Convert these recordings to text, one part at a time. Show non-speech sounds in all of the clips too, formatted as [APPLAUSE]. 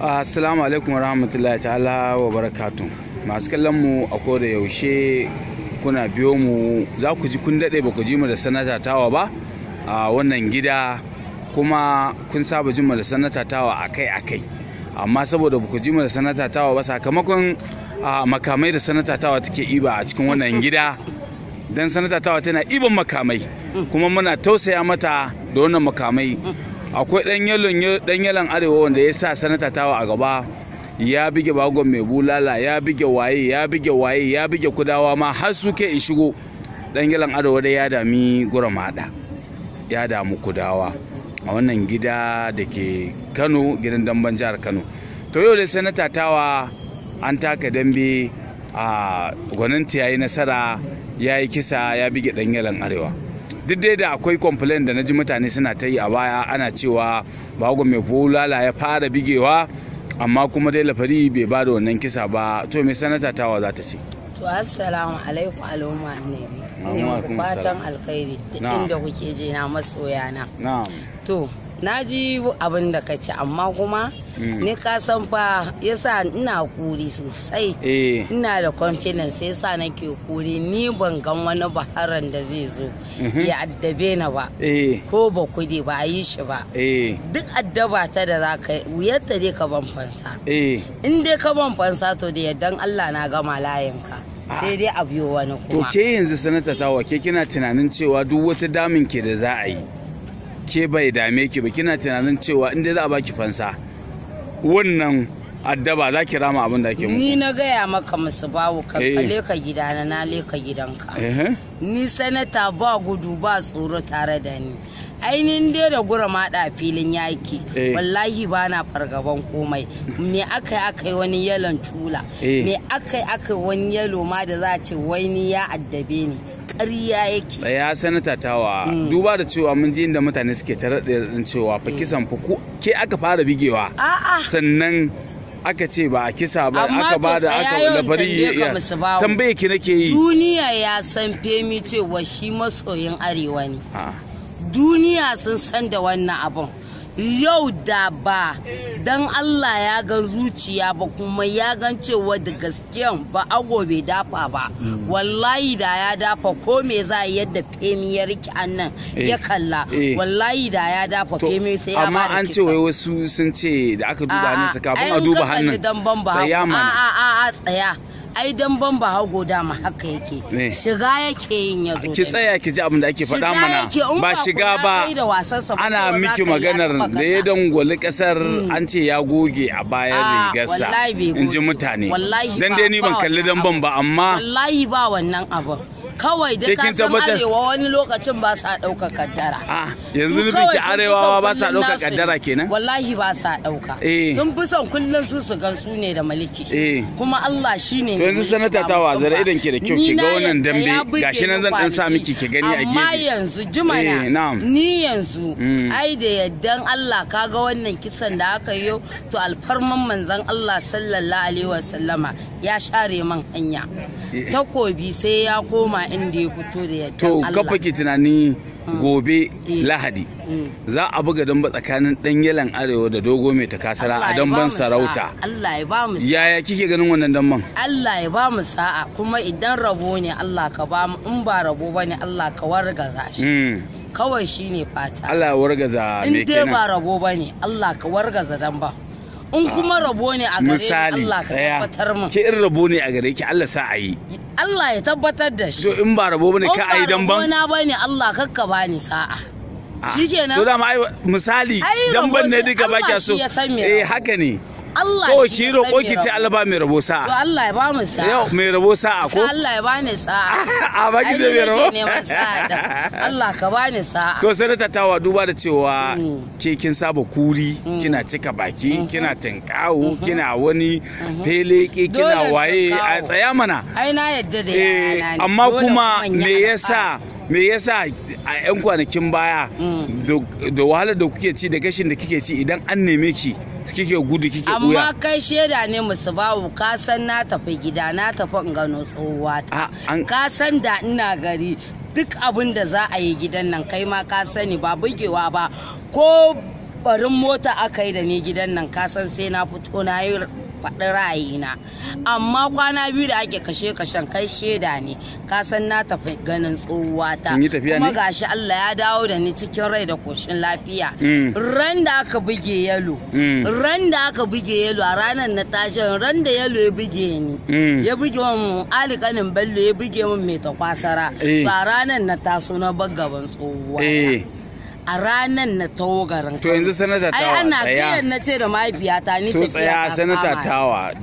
assalamu alaikum wa rahmatullahi ta'ala wa barakatun masu kallon mu a koda yaushe kuna biyo mu za ku ji kun daɗe ba ku ji mu da sanata tawa ba a wannan gida kuma kun saba ji mu da sanata tawa akai akai amma saboda ba ku ji mu da sanata tawa ba sakamakon makamai da sanata tawa take iba a cikin wannan [LAUGHS] gida dan sanata tawa tana iban makamai kuma muna tausaya mata da wannan makamai akwai dan yalon dan yalon arewa wanda ya sa sanata tawa a gaba ya bige bagon mai bulala ya bige waye ya bige waye ya bige kudawa ma har suke ke in shigo dan yalon arewa dai ya dami gura mada ya damu kudawa a wannan gida da ke kano gidan damban jihar kano to yau dai sanata tawa an taka dambe a gwaninta ya nasara ya yi kisa ya bige dan yalon arewa duk dai da akwai complain da na ji mutane suna ta yi a baya ana cewa bago mai bulala ya fara bigewa amma kuma dai lafari bai ba da wannan kisa ba to me sanata tawa za ta ce to assalamu alaikum al'umma ne ne fatan alkhairi duk inda kuke je na masoyana to na ji abin da ka ci amma kuma mm. ni ka san fa yasa ina kuri sosai eh. ina da confidence yasa nake kuri ni ban gan wani baharan da zai zo mhm. ya addabe na ba eh. ko ba kudi ba a yi shi ba eh. duk addaba ta da za ka wuyar ta dai ka ban fansa in dai ka ban fansa to da yaddan Allah na gama layinka ah. sai dai a biyo wani kuma to ke yanzu sanata ta ke kina tunanin cewa duk wata damin ke da za a yi ke bai dame ki ba kina tunanin cewa inda za a baki fansa wannan addaba za ki rama abin da ke ni na gaya maka musu bawo eh. ka leka gidana na leka gidanka ni sanata ba gudu ba tsoro tare da ni ainihin dai da gura maɗa filin yaki eh. wallahi ba na fargaban komai me aka yi aka yi wani yalon tula eh. me aka yi aka yi wani yalo ma da za a ce wai ya addabe ni ƙarya yake tsaya sanata tawa hmm. duba da cewa mun ji inda mutane suke tare da cewa fa hmm. kisan fa ke aka fara bigewa sannan aka ce ba a kisa ba aka ba da aka bari ya tambaye ki nake yi duniya ya san femi cewa shi masoyin arewa ne ah. duniya sun san da wannan abun yau da ba don Allah ya ga zuciya ba kuma ya gan cewa da gaskiyan ba ago bai dafa ba mm. wallahi da ya dafa ko me za a yadda femi ya riki annan ya eh, kalla eh. wallahi da ya dafa femi sai ya amma an ce wai wasu sun ce da aka duba hannun sa kafin a duba hannun sai ya mana a a a tsaya ai dan ban ba hago dama haka yake shiga yake yin yazo ki tsaya ki ji abin da ake faɗa mana ba shiga ba ana miki maganar da ya dangwali kasar an ce ya goge a bayan ah, rigarsa in ji mutane dan dai ni ban kalli dan ban ba amma wallahi ba wannan abin kawai da kan san arewa wani lokacin ba sa ɗauka kaddara ah, yanzu nufin ki arewa ba sa ɗauka kaddara kenan wallahi ba sa ɗauka eh. sun fi son kullum su su gan su ne da maliki eh. kuma Allah shine to yanzu sanata ta wazara idan ki da kyau ki ga wannan dambe gashi nan zan dan sa miki ki gani a gefe amma yanzu na eh, ni yanzu mm. ai da yaddan Allah kaga wannan kisan da aka yi to alfarman manzon Allah sallallahu alaihi wasallama ya share man hanya eh. takobi sai ya koma inda ya fito da ya to kafa ki tunani mm. gobe eh. lahadi mm. za a buga damba tsakanin dan yalan arewa da dogo mai takasara a ban sarauta Allah ya ba mu yaya kike ganin wannan dan man? Allah ya ba mu sa'a kuma idan rabo ne Allah ka ba mu in ba rabo bane Allah ka wargaza shi mm. kawai shine fata Allah ya wargaza me kenan in dai ba rabo bane Allah ka wargaza ba. in kuma rabo ne a gare Allah ka tabbatar mu ke in rabo ne a gare ki Allah sa a yi Allah ya tabbatar da shi to in ba rabo bane ka a yi dan ban na bane Allah kakka bani sa'a ah, shikenan to da ma misali dan ban ne duka baki so eh haka ne Allah ko oh, ki roƙo ki ce Allah ba mai rabo sa'a to Allah ya ba mu sa'a yau mai rabo sa'a ko Allah ya bani sa'a [LAUGHS] a ba ki ce mai rabo [LAUGHS] Allah ka bani sa'a to sai ta tawa duba da cewa mm. ke kin saba kuri mm. kina cika baki mm-hmm. kina tinkawo mm-hmm. kina wani mm-hmm. fele ke kina waye a tsaya mana ai na yadda da eh, yana amma kuma me yasa me yasa a 'yan kwanakin baya mm. da wahalar da kuke ci da gashin da kike ci idan an neme ki kike gudu kike ɓuya amma kai shaida ne musu babu ka san na tafi gida na tafi in gano tsohuwa ta ah, ka san da ina gari duk abin da za a yi gidan nan kai ma ka sani ba bugewa ba ko barin mota aka yi da ni gidan nan ka san sai na fito na yi faɗi ra'ayina amma kwana biyu da ake kashe kashen kai shaida ne ka san na tafi ganin tsohuwata kuma gashi Allah ya dawo da ni cikin rai da koshin lafiya mm. ran da aka buge yalo mm. ran da aka buge yalo a ranar na tashi ran da yalo ya buge ni mm. ya buge mun alikanin bello ya buge min mai takwasara ba eh. ranar na taso na bagaban tsohuwata eh. a ranar na tawo garin to yanzu sanata tawa ai ana kiran na ce da mahaifiyata ni to tsaya sanata tawa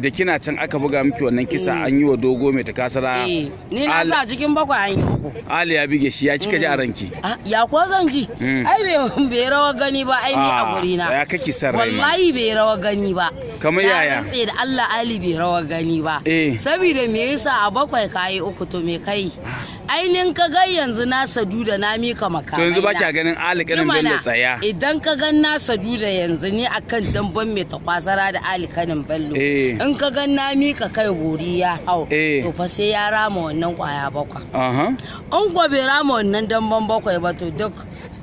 da kina can aka buga miki wannan kisa eh. an yi wa dogo mai takasara eh, ni na sa cikin bakwai an yi ali ya bige shi ya kika ji a mm. ranki ah, ya ko zan ji mm. ai bai rawa gani ba ai ni a guri ah, na ya kake san rai wallahi bai rawa gani ba kamar yaya sai da Allah ali bai rawa gani ba eh. saboda me yasa a bakwai kai uku to me kai ah. ainin ka ga yanzu na sadu da na mika maka to yanzu ba ganin Ali Kanin Bello tsaya. Idan ka gan na sajuda yanzu ne akan damban mai takwasara da Ali Kanin Bello. Eh. In ka gan na mika kai gori ya hau. Eh. To fa sai ya rama wannan kwaya bakwai. In ko bai rama wannan damban bakwai ba to duk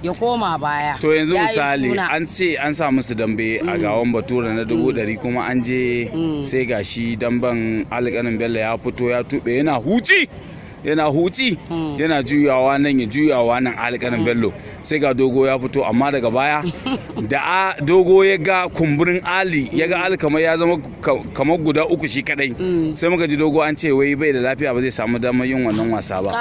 ya koma baya. To yanzu misali an ce an sa musu dambe a mm. gawan batura na dubu mm. ɗari kuma an je mm. sai gashi damban alƙanin bello ya fito ya tuɓe yana huci yana huci yana juyawa nan ya juyawa nan alƙanin bello. sai ga dogo ya fito amma daga baya da dogo ya ga kumburin ali ya ga ali kamar ya zama kamar guda uku shi kadai mm. sai muka ji dogo an ce wai bai da lafiya ba zai samu damar yin wannan wasa ba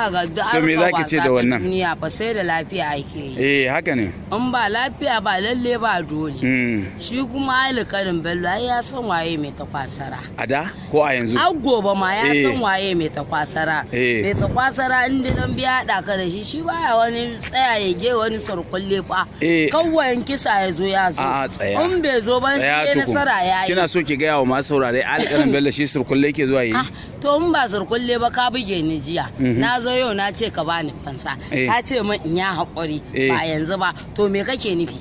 to me ki ce da wannan duniya fa sai da lafiya ake eh haka ne in ba lafiya ba lalle ba dole mm. shi kuma ali karin bello ai ya san waye mai takwasara a da ko a yanzu a gobe ma ya san eh. waye mai takwasara eh. mai takwasara inda dan biya da ka da shi shi baya wani tsaya ya je wani wani sarkwalle ba eh. kawai kisa ya zo ya zo in bai zo ban shi ne nasara ya yi kina so ki gaya wa masu saurare alƙalan bello shi sarkwalle ke zuwa yi ah, to in ba sarkwalle ba ka buge ni jiya mhm. na zo yau na ce ka bani fansa eh. ka ce min in ya haƙuri eh. ba yanzu ba to me kake nufi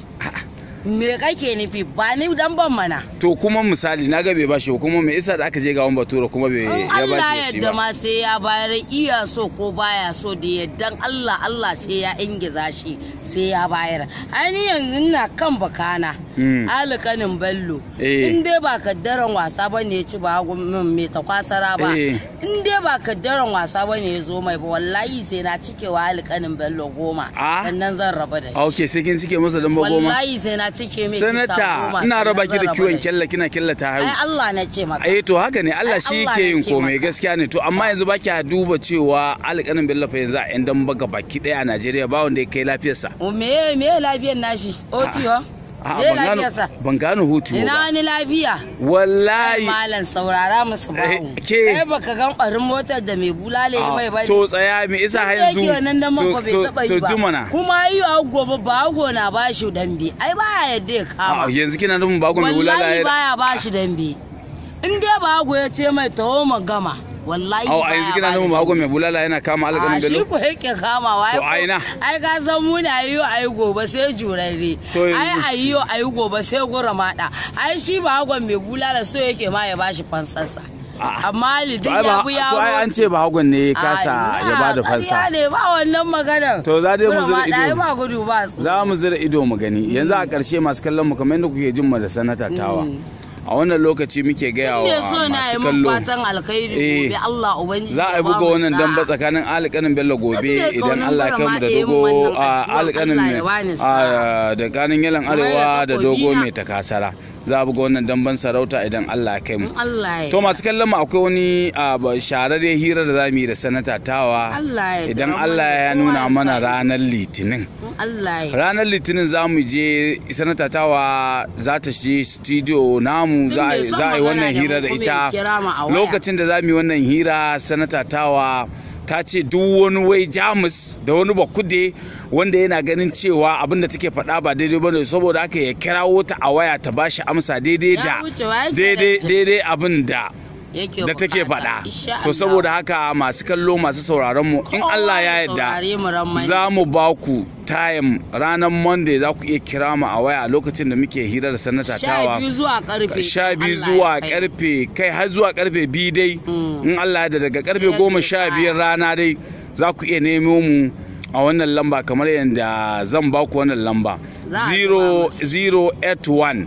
me kake nufi ba ni dan ban mana to kuma misali na ga bai bashi kuma me isa da aka je wani batura kuma bai ya bashi ba Allah yadda ma sai ya bayar iya so ko baya so da yadda. Allah Allah sai ya ingiza shi sai ya bayar ni yanzu ina kan bakana hmm. alƙanin bello eh. in dai ba kaddaran wasa bane ya ci ba min mm, me ta kwasara ba eh. in dai ba kaddaran wasa bane ya zo mai ba wallahi sai na cikewa alƙanin bello goma ah. sannan zan rabu da shi ah, okay sai kin cike masa dan ba goma wallahi sai na cike mai sanata ina raba ki da kiwon kyalla kina killata haihu ai Allah na ce maka eh to haka ne Allah shi yake yin komai gaskiya ne to amma yanzu baki duba cewa alƙanin Bello fa yanzu a yan dan baga baki daya a Najeriya ba wanda ya kai lafiyarsa me me lafiyar nashi ban gano hutu ina wani lafiya wallahi malam saurara musu eh, ba ke kai baka gan barin motar da mai bulale mai bane to tsaya me isa har yanzu to jumana kuma yi a gobe ba go na bashi dambe ai ba ya ya kama yanzu kina nufin ba go mai bulale wallahi baya bashi dambe in dai ba go ya ce mai taho mu gama wallahi ba a yanzu kina nuna hago mai bulala yana kama alƙalin bello shi ku yake kamawa to aina ai ga san muna yiwo ayi gobe sai jurare ai ayiyo ayi gobe sai gura mada ai shi ba hago mai bulala so yake ma ya bashi fansansa. amma lidin ya bu ya to ai an ce ba hagon ne kasa ya ba da fansa ne ba wannan maganar to za dai mu zira ido ma gudu ba za mu zira ido mu gani yanzu a ƙarshe masu kallon mu kamar yadda kuke jin mu da sanata tawa mm. a wannan lokaci muke gaya wa masu kallo eh, za a buga wannan damba tsakanin alƙanin bello gobe idan Allah ya kai mu da dogo alƙanin da kanin yalan arewa da dogo mai takasara za a buga wannan damban sarauta idan Allah ya kai mu to masu kallon mu akwai wani shararre hira da zamu yi da sanata tawa idan Allah ya nuna mana ranar litinin ranar litinin za mu je sanata tawa za ta shi studio namu za a yi wannan hira da ita lokacin da za mu yi wannan hira sanata tawa ta ce duk wani wai jamus da wani bakude wanda yana ganin cewa abinda take faɗa ba daidai bane saboda haka ya kirawo ta a waya ta bashi amsa daidai da daidai abin da take faɗa to saboda haka masu kallo masu sauraron mu in Allah ya yarda za mu ba ku time ranar monday za ku iya kira mu a waya lokacin da muke hirar sanata tawa sha biyu zuwa karfe kai har zuwa karfe biyu dai mm. in Allah ya daga karfe goma sha biyar rana dai za ku iya nemo mu a wannan lamba kamar yadda zan ba ku wannan lamba 081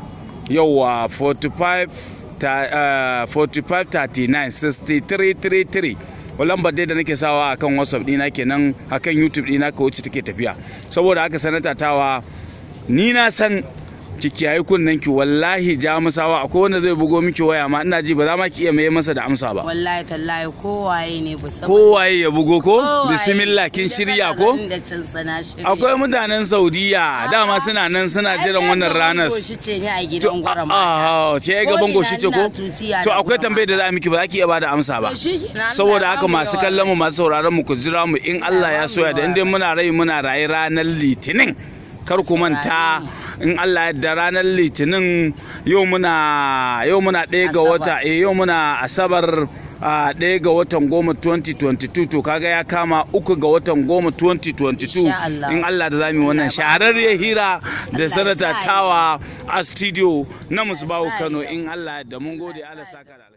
yawa 45 ta, 4539 eh, 6333 lambar dai da nake sawa akan whatsapp dina kenan akan youtube dina ka wuce take tafiya saboda haka sanata tawa ni na san ki kiyaye kunnen ki wallahi jamusawa akwai wanda zai bugo miki waya ma ina ji ba za ma ki iya mai masa da amsa ba wallahi tallahi kowaye ne kowaye ya bugo ko bismillah kin shirya ko akwai mutanen saudiya dama suna nan suna jiran wannan ranar a ce ga bango shi ce ko to akwai tambayar da za miki ba za ki iya bada amsa ba saboda haka masu kallon mu masu sauraron mu ku jira mu in Allah ya soya da inda muna rai muna rayi ranar litinin kar ku manta in Allah da ranar litinin yau muna yau muna ɗaya ga wata eh yau muna asabar a ɗaya ga watan goma 2022 to kaga ya kama uku ga watan goma 2022 in Allah da zami wannan shahararriyar hira da sanata tawa a studio na musu musbahu kano in Allah da mun gode ala saka da